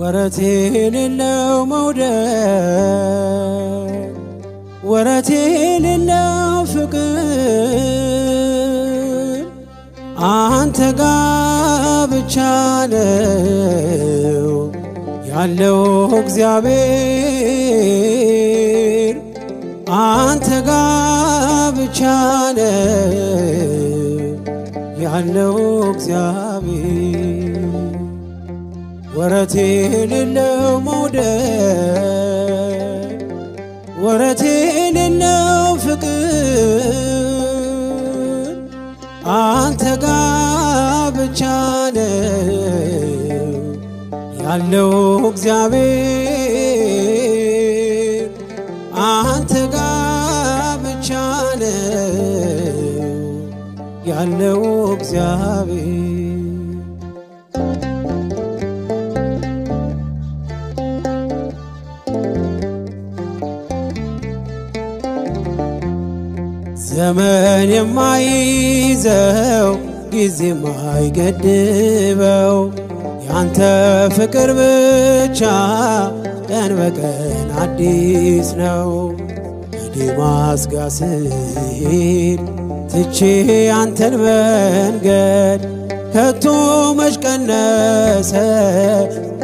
ወረት የሌለው መውደድ ወረት የሌለው ፍቅር አንተ ጋ ብቻ ነው ያለው እግዚአብሔር አንተ ጋ ብቻ ነው ያለው እግዚአብሔር ወረት የሌለው መውደድ ወረት የሌለው ፍቅር አንተ ጋ ብቻ ነው ያለው እግዚአብሔር አንተ ጋ ብቻ ነው ያለው እግዚአብሔር ዘመን የማይዘው ጊዜ የማይገድበው ያንተ ፍቅር ብቻ ቀን በቀን አዲስ ነው። ከዴማስ ጋር ስሄድ ትቼ አንተን መንገድ ከቶ መች ቀነሰ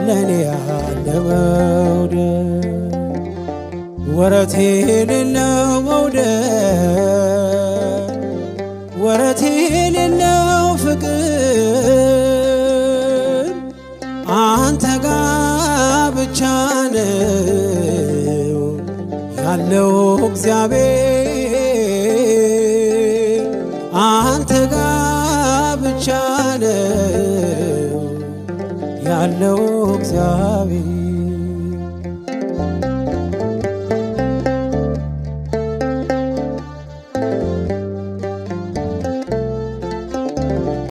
ለእኔ ያለ መውደድ ወረት የሌለው መውደድ የሌለው ፍቅር አንተ ጋ ብቻ ነው ያለው እግዚአብሔር አንተ ጋ ብቻ ነው ያለው እግዚአብሔር